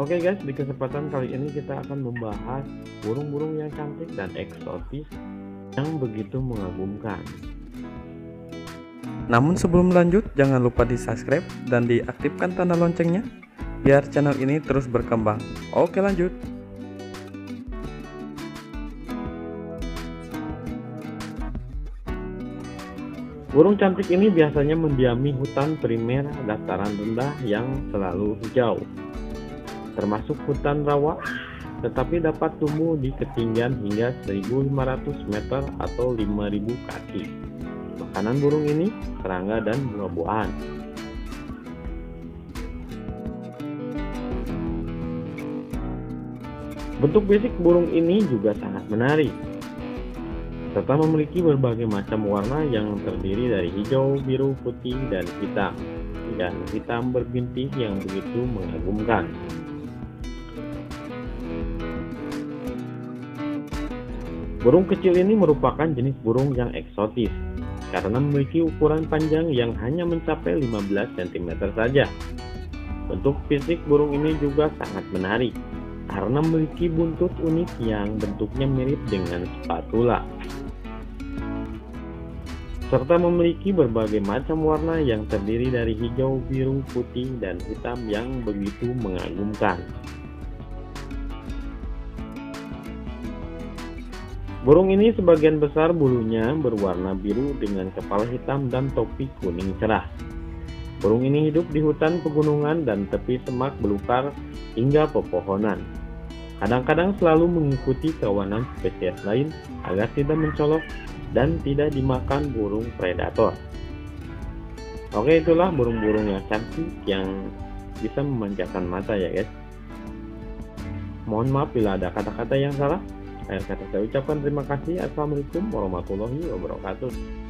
Oke okay guys, di kesempatan kali ini kita akan membahas burung-burung yang cantik dan eksotis yang begitu mengagumkan. Namun sebelum lanjut, jangan lupa di subscribe dan diaktifkan tanda loncengnya biar channel ini terus berkembang. Oke lanjut. Burung cantik ini biasanya mendiami hutan primer dataran rendah yang selalu hijau termasuk hutan rawa, tetapi dapat tumbuh di ketinggian hingga 1.500 meter atau 5.000 kaki. Makanan burung ini serangga dan buah-buahan. Bentuk fisik burung ini juga sangat menarik, serta memiliki berbagai macam warna yang terdiri dari hijau, biru, putih, dan hitam. Dan hitam berbintik yang begitu mengagumkan. Burung kecil ini merupakan jenis burung yang eksotis karena memiliki ukuran panjang yang hanya mencapai 15 cm saja. Bentuk fisik burung ini juga sangat menarik karena memiliki buntut unik yang bentuknya mirip dengan spatula serta memiliki berbagai macam warna yang terdiri dari hijau, biru, putih, dan hitam yang begitu mengagumkan. Burung ini sebagian besar bulunya berwarna biru dengan kepala hitam dan topi kuning cerah. Burung ini hidup di hutan pegunungan dan tepi semak belukar hingga pepohonan. Kadang-kadang selalu mengikuti kawanan spesies lain agar tidak mencolok dan tidak dimakan burung predator. Oke, itulah burung-burung yang cantik yang bisa memanjakan mata ya guys. Mohon maaf bila ada kata-kata yang salah. Akhir kata saya ucapkan terima kasih. Assalamualaikum warahmatullahi wabarakatuh.